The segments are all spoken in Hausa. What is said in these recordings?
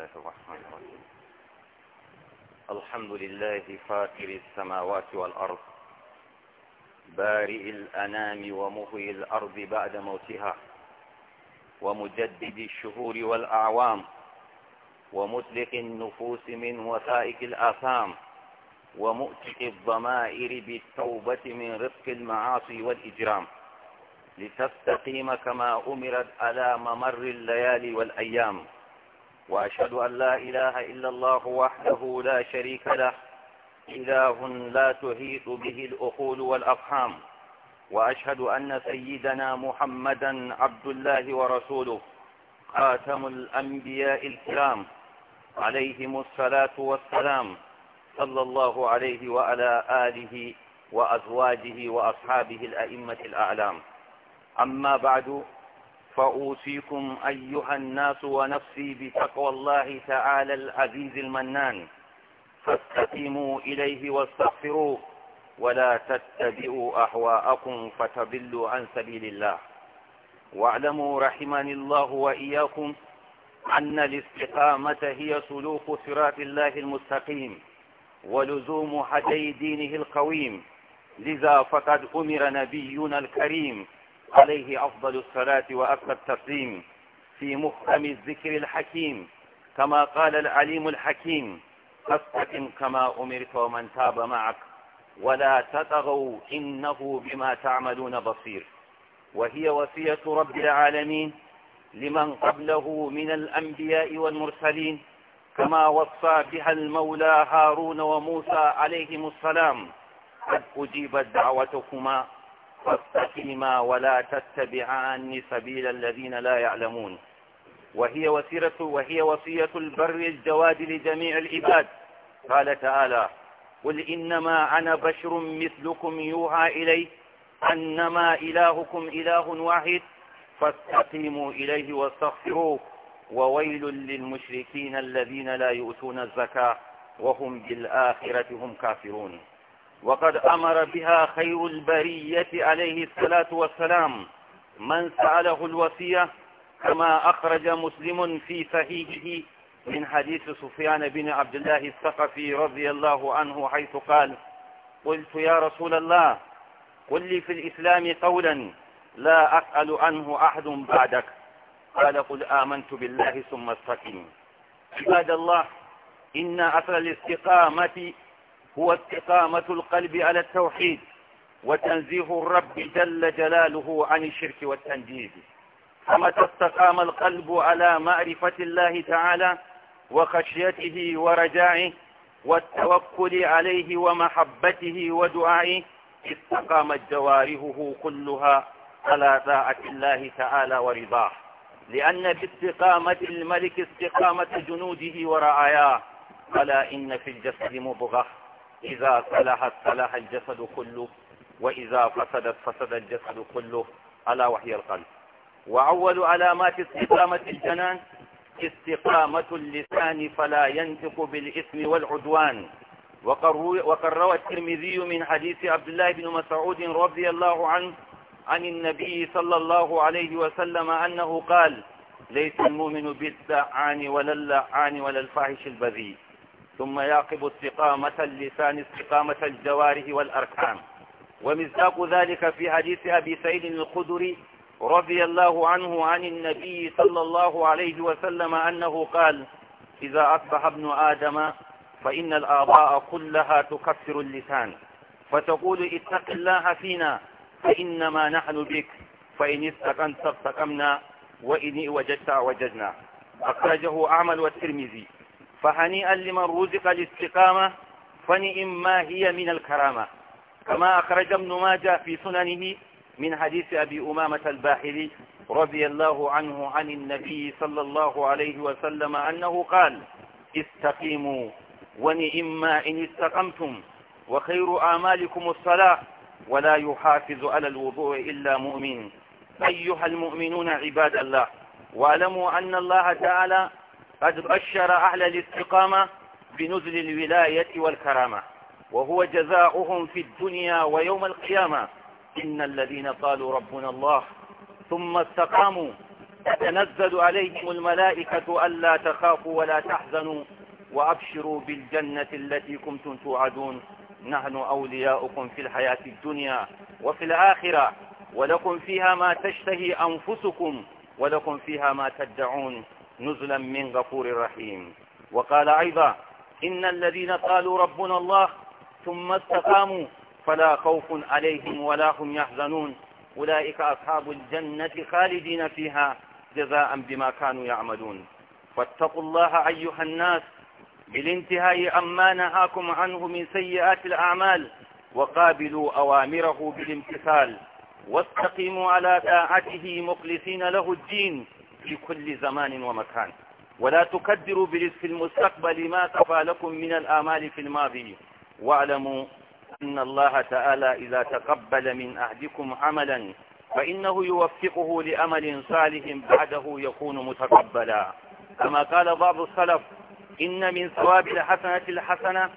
الله الرحمن الرحيم الحمد لله فاكر السماوات والأرض بارئ الأنام ومهي الأرض بعد موتها ومجدد الشهور والأعوام ومسلق النفوس من وثائق الآثام ومؤتق الضمائر بالتوبة من رفق المعاصي والإجرام لتستقيم كما أمرت على ممر الليالي والأيام وأشهد أن لا إله إلا الله وحده لا شريك له إله لا تهيط به الأخول والأفهام وأشهد أن سيدنا محمدا عبد الله ورسوله خاتم الأنبياء الكرام عليهم الصلاة والسلام صلى الله عليه وعلى آله وأزواجه وأصحابه الأئمة الأعلام أما بعد فأوصيكم أيها الناس ونفسي بتقوى الله تعالى العزيز المنان فاستقيموا إليه واستغفروه ولا تتبعوا أهواءكم فتضلوا عن سبيل الله واعلموا رحمني الله وإياكم أن الاستقامة هي سلوك صراط الله المستقيم ولزوم هدي دينه القويم لذا فقد أمر نبينا الكريم عليه أفضل الصلاة وأكثر التسليم في مختم الذكر الحكيم كما قال العليم الحكيم فاستقم كما أمرت ومن تاب معك ولا تطغوا إنه بما تعملون بصير وهي وصية رب العالمين لمن قبله من الأنبياء والمرسلين كما وصى بها المولى هارون وموسى عليهم السلام قد أجيبت دعوتكما فاستقيما ولا تتبعان سبيل الذين لا يعلمون وهي وسيرة وهي وصية البر الجواد لجميع العباد قال تعالى قل إنما أنا بشر مثلكم يوحى إلي أنما إلهكم إله واحد فاستقيموا إليه واستغفروه وويل للمشركين الذين لا يؤتون الزكاة وهم بالآخرة هم كافرون وقد أمر بها خير البرية عليه الصلاة والسلام من سأله الوصية كما أخرج مسلم في صحيحه من حديث سفيان بن عبد الله الثقفي رضي الله عنه حيث قال قلت يا رسول الله قل لي في الإسلام قولا لا أسأل عنه أحد بعدك قال قل آمنت بالله ثم استقم عباد الله إن أصل الاستقامة هو استقامة القلب على التوحيد وتنزيه الرب جل جلاله عن الشرك والتنديد فمتى استقام القلب على معرفة الله تعالى وخشيته ورجائه والتوكل عليه ومحبته ودعائه استقامت جوارهه كلها على طاعة الله تعالى ورضاه لأن باستقامة الملك استقامة جنوده ورعاياه ألا إن في الجسد مضغه إذا صلحت صلح الجسد كله وإذا فسدت فسد الجسد كله ألا وحي القلب وأول علامات استقامة الجنان استقامة اللسان فلا ينطق بالإثم والعدوان وقد روى الترمذي من حديث عبد الله بن مسعود رضي الله عنه عن النبي صلى الله عليه وسلم أنه قال ليس المؤمن بالسعان ولا اللعان ولا الفاحش البذيء ثم يعقب استقامة اللسان استقامة الجوارح والأركان ومصداق ذلك في حديث أبي سعيد الخدري رضي الله عنه عن النبي صلى الله عليه وسلم أنه قال إذا أصبح ابن آدم فإن الآباء كلها تكسر اللسان فتقول اتق الله فينا فإنما نحن بك فإن استقمت استقمنا وإن وجدت وجدنا أخرجه أعمل والترمذي فهنيئا لمن رزق الاستقامة فنئم ما هي من الكرامة كما أخرج ابن ماجه في سننه من حديث أبي أمامة الباحري رضي الله عنه عن النبي صلى الله عليه وسلم أنه قال استقيموا ونئما إن استقمتم وخير أعمالكم الصلاة ولا يحافظ على الوضوء إلا مؤمن أيها المؤمنون عباد الله واعلموا أن الله تعالى قد بشر أهل الاستقامة بنزل الولاية والكرامة وهو جزاؤهم في الدنيا ويوم القيامة إن الذين قالوا ربنا الله ثم استقاموا تتنزل عليهم الملائكة ألا تخافوا ولا تحزنوا وأبشروا بالجنة التي كنتم توعدون نحن أولياؤكم في الحياة الدنيا وفي الآخرة ولكم فيها ما تشتهي أنفسكم ولكم فيها ما تدعون نزلا من غفور رحيم وقال أيضا إن الذين قالوا ربنا الله ثم استقاموا فلا خوف عليهم ولا هم يحزنون أولئك أصحاب الجنة خالدين فيها جزاء بما كانوا يعملون فاتقوا الله أيها الناس بالانتهاء عما نهاكم عنه من سيئات الأعمال وقابلوا أوامره بالامتثال واستقيموا على طاعته مخلصين له الدين في كل زمان ومكان ولا تكدروا برزق المستقبل ما كفى لكم من الآمال في الماضي واعلموا أن الله تعالى إذا تقبل من أهدكم عملا فإنه يوفقه لأمل صالح بعده يكون متقبلا كما قال بعض السلف إن من ثواب الحسنة الحسنة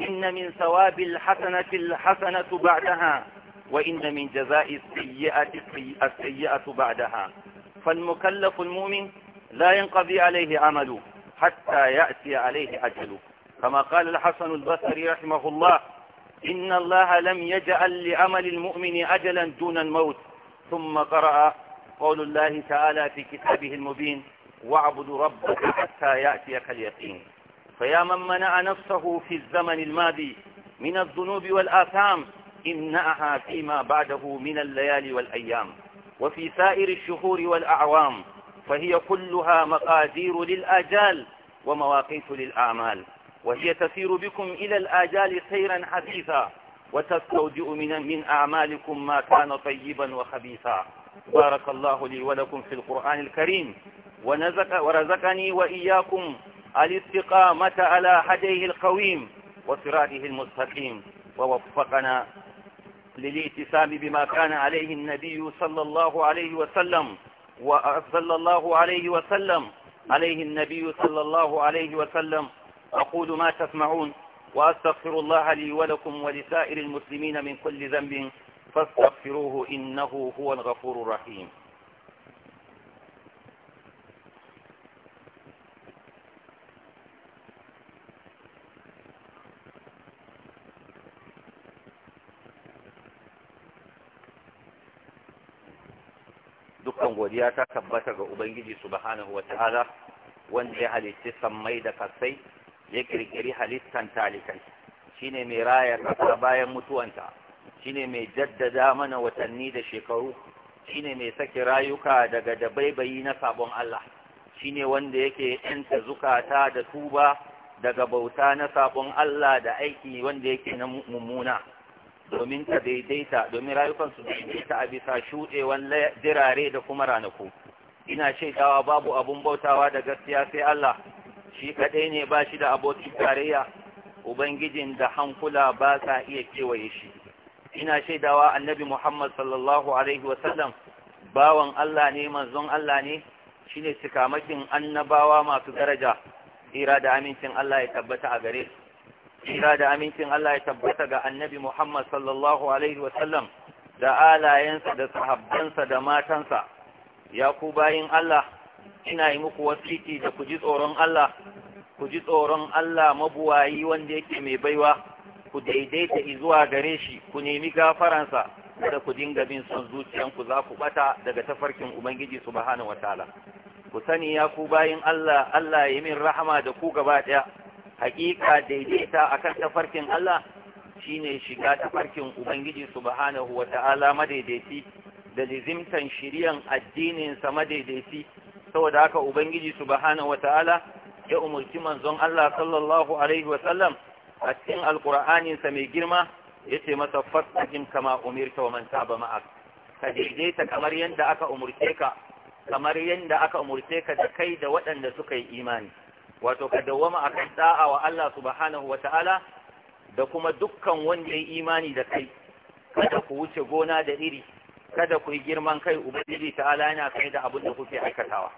إن من ثواب الحسنة الحسنة بعدها وإن من جزاء السيئة السيئة بعدها فالمكلف المؤمن لا ينقضي عليه عمله حتى يأتي عليه أجله كما قال الحسن البصري رحمه الله إن الله لم يجعل لعمل المؤمن أجلا دون الموت ثم قرأ قول الله تعالى في كتابه المبين واعبد ربك حتى يأتيك اليقين فيا من منع نفسه في الزمن الماضي من الذنوب والآثام امنعها فيما بعده من الليالي والأيام وفي سائر الشهور والأعوام فهي كلها مقادير للآجال ومواقيت للأعمال وهي تسير بكم إلى الآجال سيرا حديثا وتستودئ من, من أعمالكم ما كان طيبا وخبيثا بارك الله لي ولكم في القرآن الكريم ونزك ورزقني وإياكم الاستقامة على هديه القويم وصراطه المستقيم ووفقنا للاتسام بما كان عليه النبي صلى الله عليه وسلم وصلى الله عليه وسلم عليه النبي صلى الله عليه وسلم أقول ما تسمعون وأستغفر الله لي ولكم ولسائر المسلمين من كل ذنب فاستغفروه إنه هو الغفور الرحيم godiya ta tabbata ga ubangiji subhanahu ta’ala, wanda ya halitta sammai da kasai ya kirkiri halittan talikai shine mai raya kasa bayan mutuwanta shine mai jaddada mana watanni da shekaru shine mai saki rayuka daga dabaibayi na sabon Allah shine wanda yake yanta zukata da tuba daga bauta na sabon Allah da aiki wanda yake na mummuna domin ka daidaita domin rayukan su daidaita a bisa shuɗewan dirare da kuma ranaku ina shaidawa babu abun bautawa da gaskiya sai Allah shi kaɗai ne ba shi da abokin tarayya ubangijin da hankula ba sa iya kewaye shi ina shaidawa annabi Muhammad sallallahu alaihi wasallam bawan Allah ne manzon Allah ne shine cikamakin annabawa masu daraja ira da amincin Allah ya tabbata a gare su kira da amincin Allah ya tabbata ga annabi Muhammad sallallahu Alaihi wasallam da alayensa da sahabbansa da matansa, ya ku bayin Allah, ina yi muku wasiki da ku ji tsoron Allah, ku ji tsoron Allah mabuwayi wanda yake mai baiwa, ku daidaita izuwa gare shi, ku nemi gafaransa, da ku dinga bin son zuciyanku za ku bata daga tafarkin Ubangiji subhanahu wataala. Ku sani ya ku Allah, Allah ya min rahama da ku gaba ɗaya. hakika daidaita akan tafarkin Allah shine shiga tafarkin Ubangiji subhanahu wata'ala madaidaici da lizimtan shiriyan addininsa sa madaidaici saboda haka Ubangiji subhanahu wata'ala ya umarci manzon Allah sallallahu alaihi wa sallam a cikin alqur'anin sa mai girma ya ce masa fastaqim kama umirta wa man taba ma'ak ka daidaita kamar yadda aka umurce ka kamar yanda aka umurce ka da kai da waɗanda suka yi imani wato ka a kan da'a wa Allah subhanahu ta'ala, da kuma dukkan wanda ya imani da kai kada ku wuce gona da iri kada ku yi girman kai ubangiji ta'ala yana kai da abin da kuke aikatawa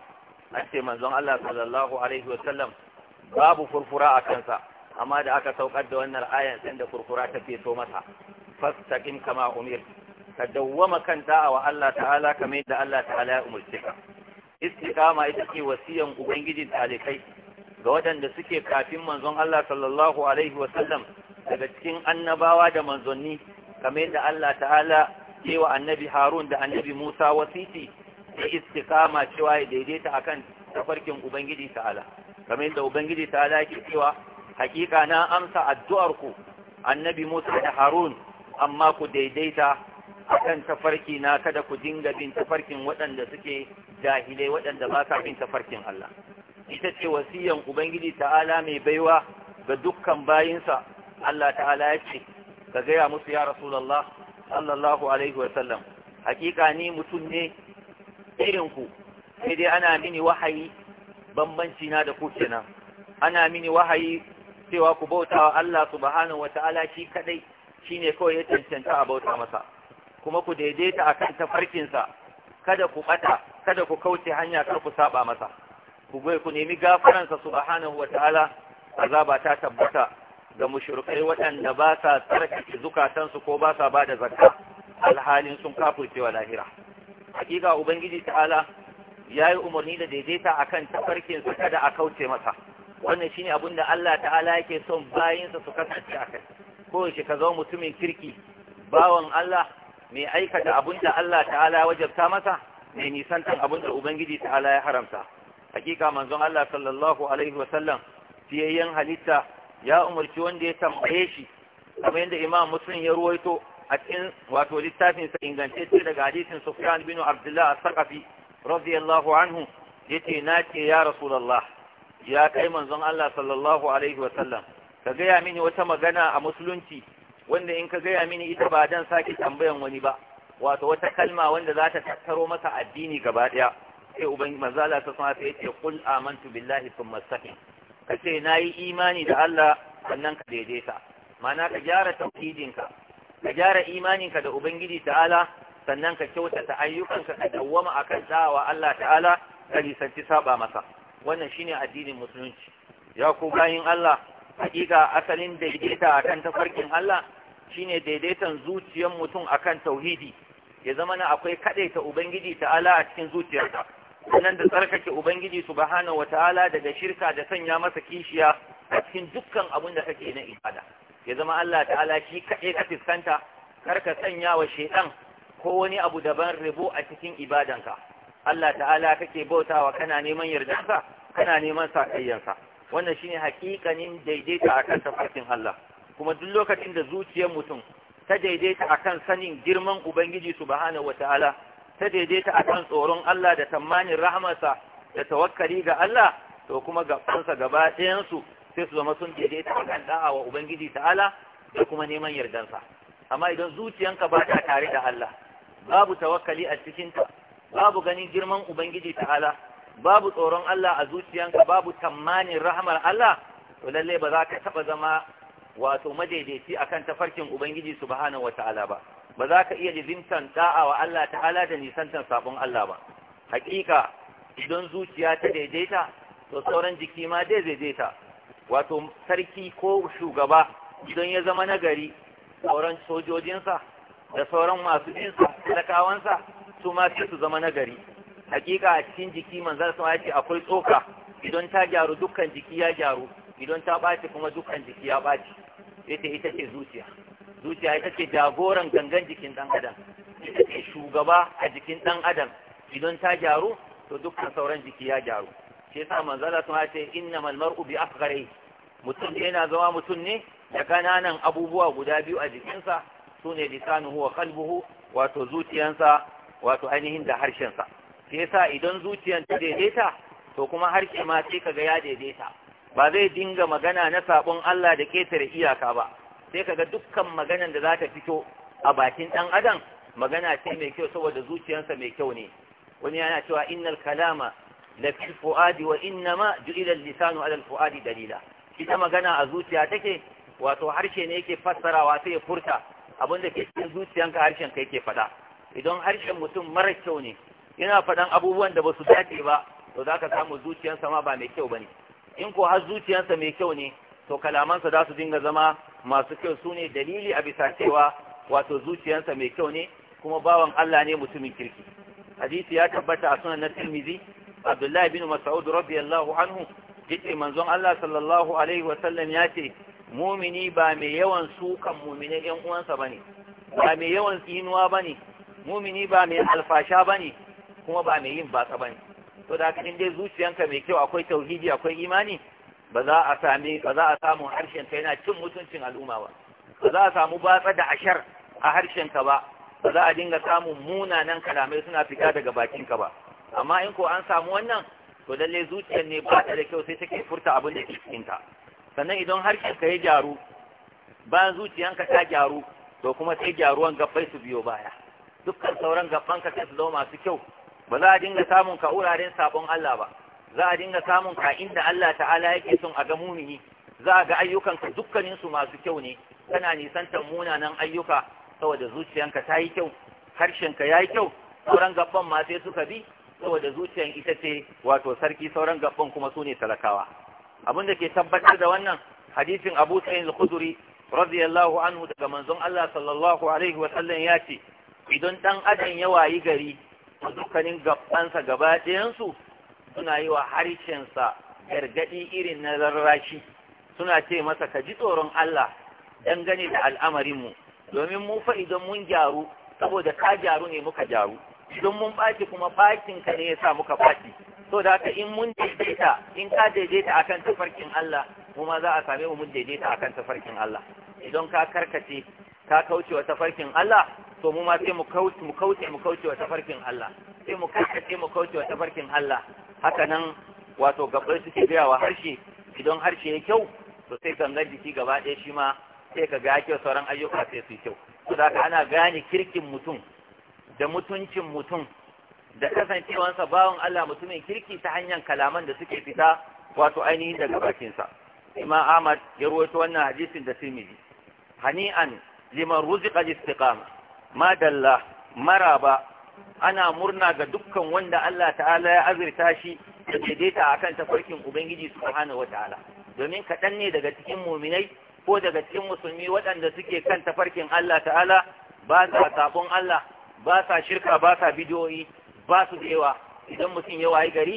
an ce manzon Allah sallallahu alaihi Sallam, babu furfura a kansa amma da aka saukar da wannan ayan sai da furfura ta feto masa fastaqim kama umir ka dawwama kan da'a wa Allah ta'ala kamar yadda Allah ta'ala ya umurce ka istiqama ita ce wasiyan ubangijin talikai ga waɗanda suke kafin manzon Allah sallallahu alaihi wasallam daga cikin annabawa da manzanni kamar yadda Allah ta'ala cewa annabi Harun da annabi Musa wasiti da kama cewa ya daidaita akan tafarkin Ubangiji ta'ala kamar da Ubangiji ta'ala ke cewa hakika na amsa addu'arku annabi Musa da Harun amma ku daidaita akan tafarki na kada ku dinga bin tafarkin waɗanda suke jahilai waɗanda ba sa bin tafarkin Allah ita ce wasiyan ubangiji ta'ala mai baiwa ga dukkan bayinsa Allah ta'ala ya ce ka gaya musu ya Allah, sallallahu alaihi wasallam hakika ni mutum ne irinku sai dai ana mini wahayi bambanci na da kuke nan, ana mini wahayi cewa ku bautawa Allah subhanahu wata'ala shi kadai shi ne kawai ya cancanta a bauta masa kuma ku daidaita a akan tafarkinsa kada ku bata kada ku kauce hanya kar ku saba masa ku bai ku nemi gafaransa subhanahu wataala azaba ta tabbata ga mushrikai waɗanda ba sa tsarkake su ko ba sa ba da zakka alhalin sun kafurce wa lahira hakika ubangiji ta'ala ya umarni da daidaita akan tafarkin su kada a kauce masa wannan shine abin da Allah ta'ala yake son sa su kasance a kai ko shi ka zama mutumin kirki bawan Allah mai aikata abin da Allah ta'ala wajabta masa mai nisan abin da ubangiji ta'ala ya haramta hakika manzon Allah sallallahu alaihi wasallam fiyayyen halitta ya umarci wanda ya tambaye shi kamar yadda imam muslim ya ruwaito a cikin wato littafin sa ingantacce daga hadisin sufyan bin abdullah as-saqafi radiyallahu anhu yace na ce ya rasulullah ya kai manzon Allah sallallahu alaihi wasallam ka gaya mini wata magana a musulunci wanda in ka gaya mini ita ba dan sake tambayan wani ba wato wata kalma wanda za ta tattaro masa addini gaba daya sai ubangi mazala ta sama sai yace qul amantu billahi thumma istaqim kace nayi imani da Allah sannan ka daidaita ma'ana ka gyara tauhidinka ka gyara imaninka da ubangiji ta'ala sannan ka kyautata ayyukanka ka dawwama akan dawa Allah ta'ala ka lisanci saba masa wannan shine addinin musulunci ya ku bayin Allah hakika asalin daidaita akan tafarkin Allah shine daidaitan zuciyar mutum akan tauhidi ya zama na akwai kadaita ubangiji ta'ala a cikin zuciyarsa sanan da tsarkake ubangiji subhanahu wataala daga shirka da sanya masa kishiya a cikin dukkan abin da kake na ibada ya zama Allah ta'ala shi kaɗai ka fiskanta kar ka sanya wa shaitan ko wani abu daban rabo a cikin ibadanka Allah ta'ala kake bautawa kana neman yardansa kana neman sakayyansa wannan shine hakikanin daidaita akan tafarkin Allah kuma duk lokacin da zuciyar mutum ta daidaita akan sanin girman ubangiji subhanahu wataala ta daidaita akan tsoron Allah da tamanin rahamarsa da tawakkali ga Allah to kuma gabansa gaba ɗayansu sai su zama sun daidaita akan da'a wa ubangiji ta'ala da kuma neman yardansa amma idan zuciyanka ba ta tare da Allah babu tawakkali a cikinta babu ganin girman ubangiji ta'ala babu tsoron Allah a zuciyanka babu tamanin rahmar Allah to lallai ba za ka taɓa zama wato madaidaici akan tafarkin ubangiji subhanahu wata'ala ba ba za ka iya jibintan ta'a wa Allah ta'ala da nisantan sabon Allah ba hakika idan zuciya ta daidaita to sauran jiki ma dai daidaita wato sarki ko shugaba idan ya zama nagari sauran sojojinsa da sauran masu jinsa talakawansa su ma su zama nagari hakika a cikin jiki man sama ya ce akwai tsoka idan ta gyaru dukkan jiki ya gyaru idan ta ɓaci kuma dukkan jiki ya ɓaci ita ita ce zuciya zuciya ita ce jagoran gangan jikin ɗan adam ita ce shugaba a jikin ɗan adam idan ta gyaru to dukkan sauran jiki ya gyaru shi yasa manzala sun ce innamal mar'u bi afghari mutum yana zama mutum ne da kananan abubuwa guda biyu a jikinsa su ne lisanuhu wa qalbuhu wato zuciyansa wato ainihin da harshensa shi yasa idan zuciyan ta daidaita to kuma harshe ma sai kaga ya daidaita ba zai dinga magana na sabon Allah da ketare iyaka ba sai kaga dukkan maganan da za ta fito a bakin ɗan adam magana ce mai kyau saboda zuciyarsa mai kyau ne wani yana cewa innal kalama la fil fuadi wa ma ju'ila lisanu ala al fuadi dalila ita magana a zuciya take wato harshe ne yake fassarawa sai ya furta abinda ke cikin zuciyanka harshen kai ke faɗa idan harshen mutum mara kyau ne yana faɗan abubuwan da basu dace ba to za samu zuciyarsa ma ba mai kyau bane in ko har zuciyarsa mai kyau ne to kalamansa za su dinga zama masu kyau su ne dalili a bisa cewa wato zuciyarsa mai kyau ne kuma bawan Allah ne mutumin kirki hadisi ya tabbata a sunan na Tirmidhi Abdullahi bin Mas'ud radiyallahu anhu yace manzon Allah sallallahu alaihi Wasallam ya ce mumini ba mai yawan sukan mumine 'yan uwansa bane ba mai yawan tsinuwa bane mumini ba mai alfasha bane kuma ba mai yin batsa bane to da haka in dai zuciyanka mai kyau akwai tauhidi akwai imani ba za a sami ba za a samu harshen ka yana cin mutuncin al'umma ba ba za a samu batsa da ashar a harshen ka ba ba za a dinga samun munanan kalamai suna fita daga bakin ka ba amma in ko an samu wannan to lalle zuciyar ne ba ta da kyau sai take furta abin da ke cikin ta sannan idan harshen ka ya gyaru bayan zuciyanka ta gyaru to kuma sai gyaruwan gabbai su biyo baya dukkan sauran gabban ka sai su zama masu kyau ba za a dinga samun ka wuraren sabon Allah ba za a dinga samun ka inda Allah ta'ala yake son a ga mumini za a ga ayyukanka dukkanin su masu kyau ne kana nisantar munanan ayyuka saboda zuciyanka ta yi kyau harshenka ya yi kyau sauran gaban ma sai suka bi saboda zuciyan ita ce wato sarki sauran gaban kuma su ne talakawa abin da ke tabbatar da wannan hadisin Abu Sa'id al-Khudri radiyallahu anhu daga manzon Allah sallallahu alaihi wa sallam ya ce idan dan adam ya wayi gari dukkanin gabansa gaba ɗayan su suna yi wa harshensa gargaɗi irin na rarrashi suna ce masa ka ji tsoron Allah gani da al'amarinmu domin mu fa idan mun gyaru saboda ka gyaru ne muka gyaru idan mun ɓaci kuma ɓacinka ne ya sa muka ɓaci so da haka in mun daidaita in ka daidaita akan tafarkin Allah kuma za a same mu mun daidaita akan tafarkin Allah idan ka karkace ka kauce wa tafarkin Allah to mu ma sai mu kauce mu kauce mu kauce wa tafarkin Allah sai mu karkace mu kauce wa tafarkin Allah haka nan wato gabbai suke biya wa harshe idan harshe ya kyau to sai gangan jiki gaba ɗaya shi ma sai ka ga kyau sauran ayyuka sai su kyau to da ka ana gane kirkin mutum da mutuncin mutum da kasancewansa bawan Allah mutumin kirki ta hanyar kalaman da suke fita wato ainihin daga bakinsa imam ahmad ya rawaito wannan hadisin da tirmidhi hani'an liman ruziqa istiqama madalla maraba ana murna ga dukkan wanda Allah ta'ala ya azurta shi da daidaita kan tafarkin ubangiji subhanahu ta'ala. domin kaɗan ne daga cikin muminai ko daga cikin musulmi waɗanda suke kan tafarkin Allah ta'ala ba sa sabon Allah ba sa shirka ba sa bidiyoyi ba su da idan mutum ya wayi gari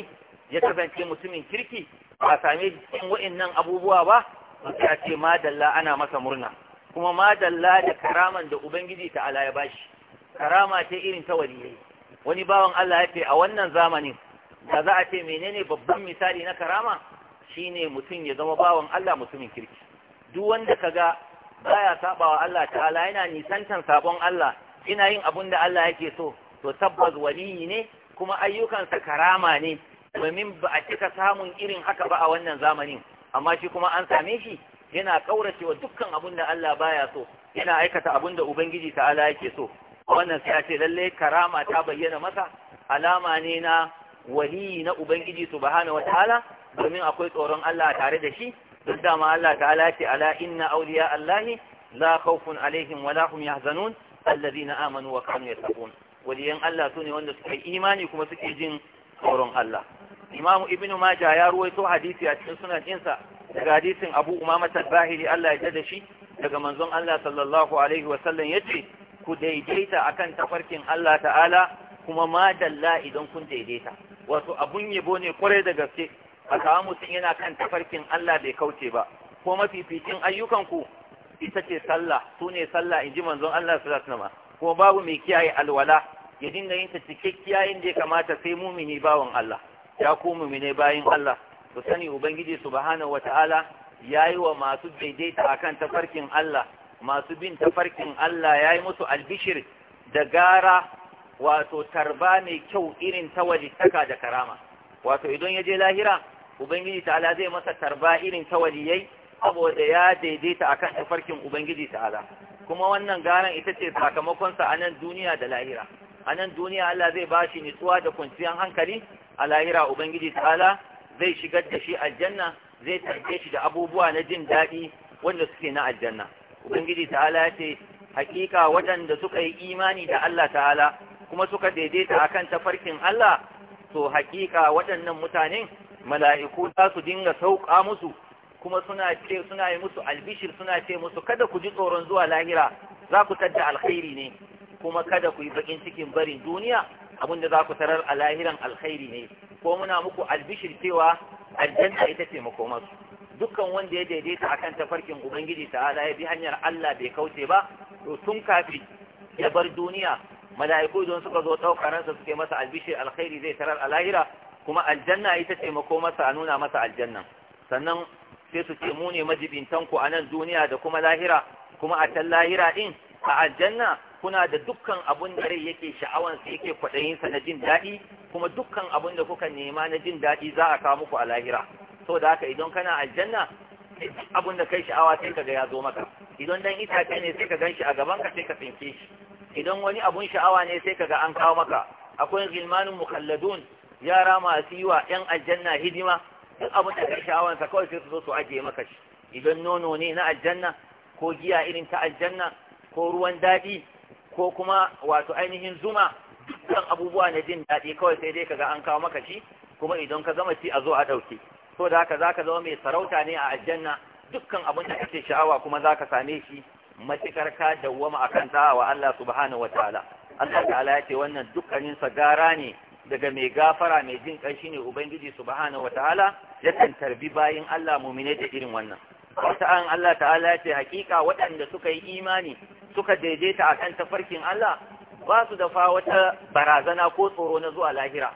ya kasance mutumin kirki ba same cikin nan abubuwa ba ya ce madalla ana masa murna kuma madalla da karaman da ubangiji ta'ala ya bashi karama ce irin ta waliyai wani bawan Allah ya ce a wannan zamanin da za a ce menene babban misali na karama shine mutum ya zama bawan Allah mutumin kirki duk wanda kaga baya sabawa Allah ta'ala yana nisantan sabon Allah ina yin abun da Allah yake so to tabbas waliyi ne kuma ayyukansa karama ne domin ba a cika samun irin haka ba a wannan zamanin amma shi kuma an same shi yana wa dukkan abun da Allah baya so yana aikata abun da Ubangiji ta'ala yake so wannan sai lallai ce karama ta bayyana masa alama ne na waliyi na ubangiji subhanahu wataala domin akwai tsoron Allah tare da shi duk da Allah ta ce ala inna ya Allahi la khawfun alaihim wa la hum yahzanun alladhina amanu wa kanu yattaqun waliyan Allah sune wanda suka yi imani kuma suke jin tsoron Allah Imam Ibn Majah ya ruwaito hadisi a cikin sunan ɗinsa daga hadisin Abu Umama Tadbahili Allah ya da shi daga manzon Allah sallallahu alaihi wa sallam yace ku daidaita akan tafarkin Allah ta'ala kuma ma dalla idan kun daidaita wato abun yabo ne kwarai da gaske a kawo mutum yana kan tafarkin Allah bai kauce ba ko mafificin ayyukanku ita ce sallah su ne sallah in ji manzon Allah sallallahu alaihi ko babu mai kiyaye alwala ya dinga yin ta cikakkiya inda ya kamata sai mumini bawan Allah ya ku mumine bayin Allah ku sani ubangiji subhanahu wataala yayi wa masu daidaita akan tafarkin Allah masu bin tafarkin Allah ya yi musu albishir da gara wato tarba mai kyau irin ta taka da karama wato idan ya je lahira ubangiji ta'ala zai masa tarba irin ta yayi saboda ya daidaita akan tafarkin ubangiji ta'ala kuma wannan garan ita ce sakamakonsa a nan duniya da lahira a nan duniya Allah zai ba shi nutsuwa da kwanciyar hankali a lahira ubangiji ta'ala zai shigar da shi aljanna zai tarbe shi da abubuwa na jin daɗi wanda suke na aljanna ubangiji ta'ala ya ce hakika waɗanda suka yi imani da Allah ta'ala kuma suka daidaita a kan tafarkin Allah to hakika waɗannan mutanen mala'iku za su dinga sauƙa musu kuma suna ce suna yi musu albishir suna ce musu kada ku ji tsoron zuwa lahira za ku tadda alkhairi ne kuma kada ku yi baƙin cikin barin duniya abinda za ku tarar a lahiran alkhairi ne ko muna muku albishir cewa aljanta ita ce makomarsu dukkan wanda ya daidaita a kan tafarkin ubangiji ta'ala ya bi hanyar Allah bai kauce ba to tun kafi ya bar duniya mala'iku don suka zo ɗaukar ransa suke masa albishir alkhairi zai tarar a lahira kuma aljanna ita ce mako masa a nuna masa aljannan sannan sai su ce mu ne majibintan ku a nan duniya da kuma lahira kuma a can lahira din a aljanna kuna da dukkan abun da rai yake sha'awan sa yake kwaɗayinsa na jin daɗi kuma dukkan abun da kuka nema na jin daɗi za a kawo muku a lahira to da haka idan kana aljanna abun da kai sha'awa sai kaga ya zo maka idan dan itace ne sai ka ganshi a gaban ka sai ka tsinke shi idan wani abun sha'awa ne sai kaga an kawo maka akwai gilmanun mukhalladun yara masu yi wa yan aljanna hidima duk abun da kai sha'awan sa kawai sai su zo su ajiye maka shi idan nono ne na aljanna ko giya irin ta aljanna ko ruwan daɗi ko kuma wato ainihin zuma dukkan abubuwa na jin daɗi kawai sai dai kaga an kawo maka shi kuma idan ka gama ci a zo a ɗauke so da haka zaka zama mai sarauta ne a aljanna dukkan abin da kake sha'awa kuma zaka same shi matikar ka dawwama akan da'a wa Allah subhanahu wataala Allah ta'ala ya ce wannan dukkanin sa gara ne daga mai gafara mai jin kai shine ubangiji subhanahu wataala kan tarbi bayin Allah mu'mine da irin wannan wata an Allah ta'ala ya ce hakika waɗanda suka yi imani suka daidaita akan tafarkin Allah ba su dafa wata barazana ko tsoro na zuwa lahira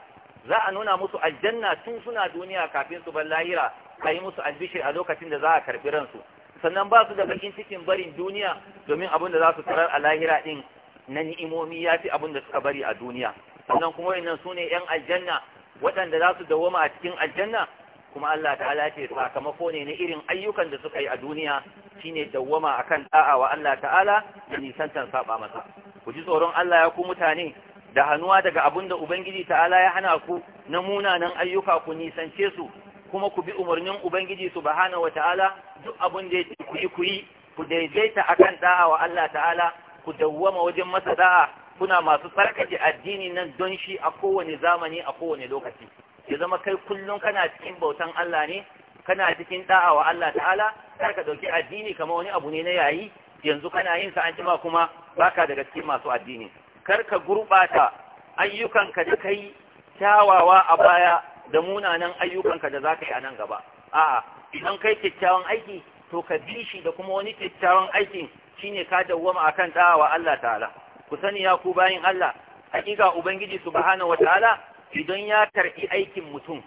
za a nuna musu aljanna tun suna duniya kafin su bar lahira a yi musu albishir a lokacin da za a karɓi ransu sannan ba su da bakin cikin barin duniya domin abin da za su tarar a lahira din na ni'imomi ya fi abin da suka bari a duniya sannan kuma wannan su ne 'yan aljanna waɗanda za su dawoma a cikin aljanna kuma Allah ta'ala ce sakamako ne na irin ayyukan da suka yi a duniya shine dawwama akan da'a wa Allah ta'ala da nisantan saba masa ku ji tsoron Allah ya ku mutane da hannuwa daga abin da Ubangiji ta'ala ya hana ku na munanan ayyuka ku nisance su kuma ku bi umarnin Ubangiji su, subhanahu wa ta'ala duk abin da ya ce ku yi ku yi ku daidaita akan da'a wa Allah ta'ala ku dawwama wajen masa da'a kuna masu tsarkake addini nan don shi a kowane zamani a kowane lokaci ya zama kai kullum kana cikin bautan Allah ne kana cikin da'a wa Allah ta'ala kar ka dauki addini kamar wani abu ne na yayi yanzu kana yin sa an kuma baka daga cikin masu addini karka gurɓata ayyukanka da kai kyawawa a baya da munanan ayyukanka da za ka yi a nan gaba a'a idan kai kyakkyawan aiki to ka bi shi da kuma wani kyakkyawan aikin shine ka dawwama akan da'a wa Allah ta'ala ku sani ya ku bayin Allah hakika ubangiji subhanahu wataala idan ya karbi aikin mutum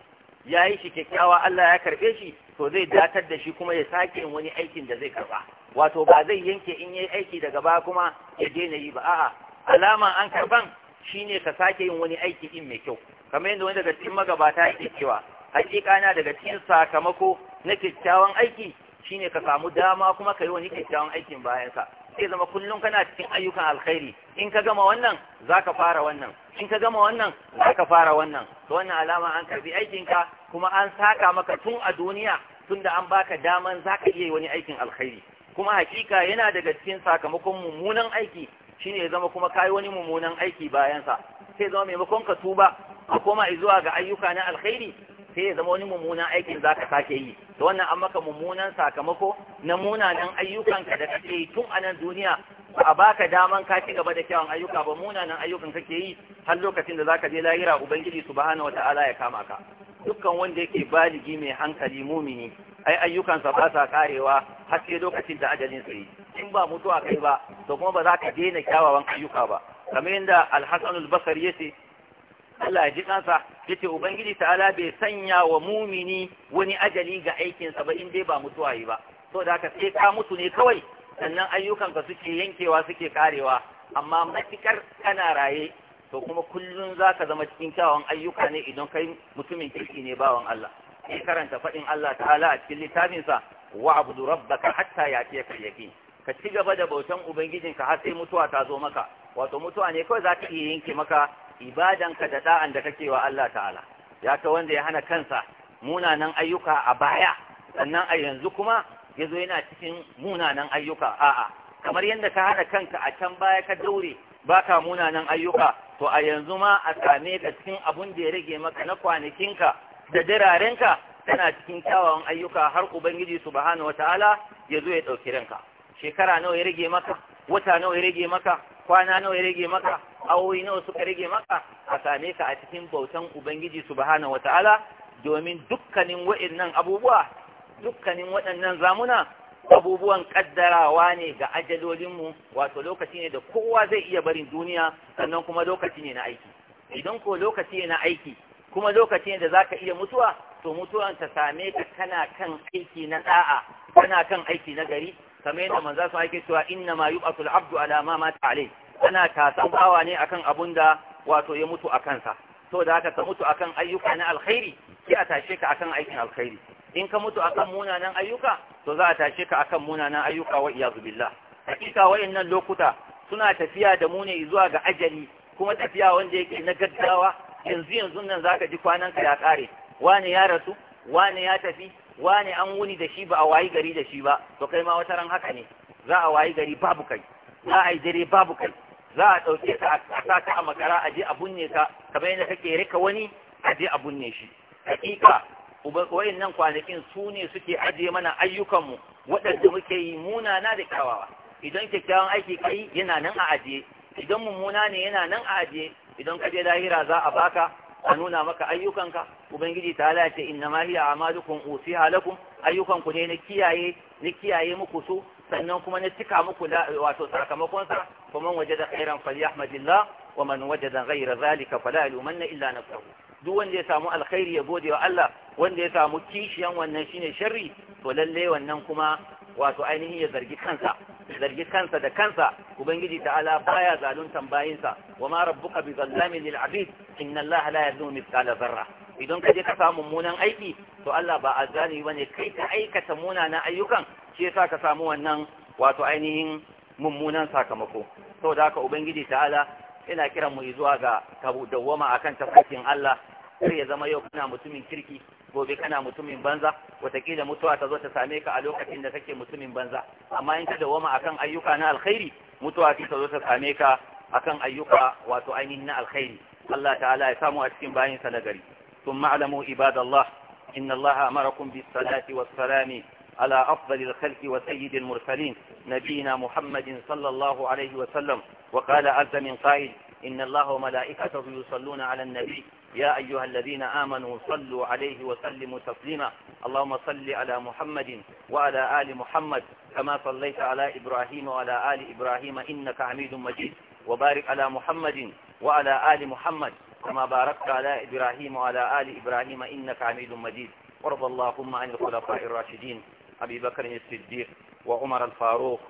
ya yi shi kyakkyawa Allah ya karbe shi to zai datar da shi kuma ya sake wani aikin da zai karba wato ba zai yanke in yayi aiki daga ba kuma ya daina yi ba a'a alama an karban shine ka sake yin wani aiki din mai kyau kamar yadda wani daga cikin magabata yake cewa hakika na daga cikin sakamako na kyakkyawan aiki shine ka samu dama kuma ka yi wani kyakkyawan aikin bayan sa sai zama kullum kana cikin ayyukan alkhairi in ka gama wannan zaka fara wannan in ka gama wannan zaka fara wannan to wannan alama an karbi aikin ka kuma an saka maka tun a duniya tunda an baka daman zaka iya wani aikin alkhairi kuma hakika yana daga cikin sakamakon mummunan aiki shine ya zama kuma kai wani mummunan aiki bayansa? sa sai zama maimakon ka tuba ka koma zuwa ga ayyuka na alkhairi sai ya zama wani mummunan aikin zaka sake yi Da wannan an maka mummunan sakamako na munanan ayyukanka da kake yi tun a nan duniya ba a baka daman ka ci gaba da kyawun ayyuka ba munanan ayyukan kake yi har lokacin da zaka je lahira ubangiji subhanahu ala ya kama ka dukkan wanda yake baligi mai hankali mumini ai ayyukansa ba sa karewa har sai lokacin da ajalin sai in ba mutuwa kai ba to kuma ba za ka daina kyawawan ayyuka ba kamar yadda al-Hasan al-Basri yace Allah ya ji kansa yace ubangiji ta'ala bai sanya wa mumini wani ajali ga aikinsa ba in dai ba mutuwa yi ba to da ka sai ka mutu ne kawai sannan ayyukan ka suke yankewa suke karewa amma matikar kana raye to kuma kullun ka zama cikin kyawawan ayyuka ne idan kai mutumin kirki ne bawan Allah sai karanta faɗin Allah ta'ala a cikin littafinsa Wa abudu rabbaka hatta yatiyaka yaqin ka ci gaba da bautan ubangijinka har sai mutuwa ta zo maka wato mutuwa ne kawai za ta iya yanke maka ibadanka da da'an da kake wa Allah ta'ala ya ka wanda ya hana kansa munanan ayyuka a baya sannan a yanzu kuma ya zo yana cikin munanan ayyuka a'a kamar yadda ka hana kanka a can baya ka daure baka munanan ayyuka to a yanzu ma a same ka cikin abun da ya rage maka na kwanakinka da dirarenka tana cikin kyawawan ayyuka har ubangiji subhanahu wataala ya zo ya ɗauki ranka shekara nawa ya rage maka wata nawa ya rage maka kwana nawa ya rage maka awoyi nawa suka rage maka a same ka a cikin bautan ubangiji subhanahu wataala domin dukkanin wa'annan abubuwa dukkanin waɗannan zamuna abubuwan kaddarawa ne ga ajalolinmu wato lokaci ne da kowa zai iya barin duniya sannan kuma lokaci ne na aiki idan ko lokaci ne na aiki kuma lokaci ne da zaka iya mutuwa to mutuwan ta same ka kana kan aiki na da'a kana kan aiki na gari kamar yadda manzo su ake cewa inna ma yub'atul abdu ala ma mata alai ana tasan bawa ne akan abun wato ya mutu a kansa to da haka ka mutu akan ayyuka na alkhairi sai a tashe ka akan aikin alkhairi in ka mutu akan munanan ayyuka to za a tashe ka akan munanan ayyuka wa iyazu billah hakika wayannan lokuta suna tafiya da mu ne zuwa ga ajali kuma tafiya wanda yake na gaggawa yanzu yanzu nan zaka ji kwanan ka ya kare wani ya rasu wani ya tafi wani an wuni da shi ba a wayi gari da shi ba to kai ma wata ran haka ne za a wayi gari babu kai za a yi dare babu kai za a ɗauke ka a sa a makara a je a bunne ka kamar yadda kake rika wani a je a bunne shi hakika wayannan kwanakin su ne suke ajiye mana ayyukanmu waɗanda muke yi munana da kyawawa idan kyakkyawan aiki kai yana nan a ajiye idan mummuna ne yana nan a ajiye idan ka je lahira za a baka a nuna maka ayyukanka ubangiji ta ala ce inna ma hiya amalukum usiha lakum ayyukanku ne na kiyaye kiyaye muku su sannan kuma na cika muku wato sakamakon sa kuma wajada khairan falyahmadillah wa man wajada ghayra zalika fala yumanna illa nafsuhu duk wanda ya samu alkhairi ya gode wa Allah wanda ya samu kishiyan wannan shine sharri to lalle wannan kuma wato ainihin ya zargi kansa zargi kansa da kansa ubangiji ala baya zaluntan bayinsa wa ma rabbuka bi zallami lil abid inna allah la yadhlimu mithqala zarra idan ka je ka samu munan aiki to Allah ba azali bane kai ka aikata munanan ayyukan shi yasa ka samu wannan wato ainihin mummunan sakamako saboda haka ubangiji ta'ala yana kiran mu zuwa ga tabu dawwama akan tafarkin Allah kar ya zama yau kana mutumin kirki gobe kana mutumin banza watakila mutuwa ta zo ta same ka a lokacin da kake mutumin banza amma in ka wama akan ayyuka na alkhairi mutuwa ta zo ta same ka akan ayyuka wato ainihin na alkhairi Allah ta'ala ya samu a cikin bayin sa na gari ثم اعلموا عباد الله إن الله أمركم بالصلاة والسلام على أفضل الخلق وسيد المرسلين نبينا محمد صلى الله عليه wa وقال عز من قائل إن الله وملائكته يصلون على النبي يا أيها الذين آمنوا صلوا عليه وسلموا تسليما اللهم صل على محمد وعلى آل محمد كما صليت على إبراهيم وعلى آل إبراهيم إنك حميد مجيد وبارك على محمد وعلى آل محمد كما باركت على إبراهيم وعلى آل إبراهيم إنك حميد مجيد وارض اللهم عن الخلفاء الراشدين أبي بكر الصديق وعمر الفاروق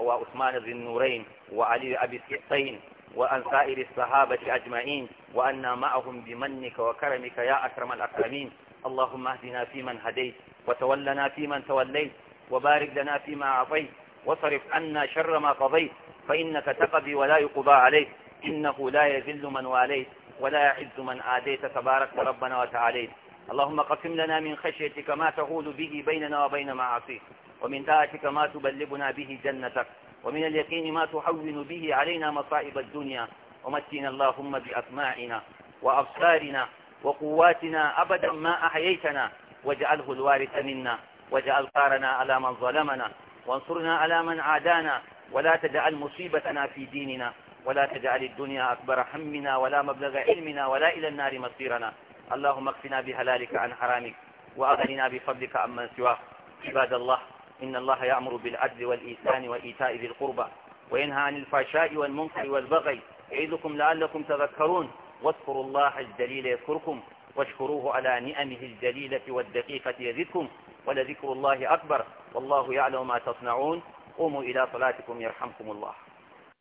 وعثمان ذي النورين وعلي أبي السقين وأن سائر الصحابة أجمعين وأنا معهم بمنك وكرمك يا أكرم الأكرمين اللهم اهدنا فيمن هديت وتولنا فيمن توليت وبارك لنا فيما أعطيت وصرف عنا شر ما قضيت فإنك تقضي ولا يقضى عليك إنه لا يذل من واليت ولا يعز من عاديت تبارك ربنا وتعاليت اللهم قسم لنا من خشيتك ما تهول به بيننا وبين معاصيك ومن طاعتك ما تبلغنا به جنتك ومن اليقين ما تحول به علينا مصائب الدنيا ومتنا اللهم بأسماعنا وأبصارنا وقواتنا أبدا ما أحييتنا واجعله الوارث منا واجعل قارنا على من ظلمنا وانصرنا على من عادانا ولا تجعل مصيبتنا في ديننا ولا تجعل الدنيا أكبر همنا ولا مبلغ علمنا ولا إلى النار مصيرنا اللهم اكفنا بهلالك عن حرامك وأغننا بفضلك عمن سواك عباد الله إن الله يأمر بالعدل والإيثان وإيتاء ذي القربى وينهى عن الفحشاء والمنكر والبغي يعظكم لعلكم تذكرون واذكروا الله الجليل يذكركم واشكروه على نعمه الجليلة والدقيقة يزدكم ولذكر الله أكبر والله يعلم ما تصنعون قوموا إلى صلاتكم يرحمكم الله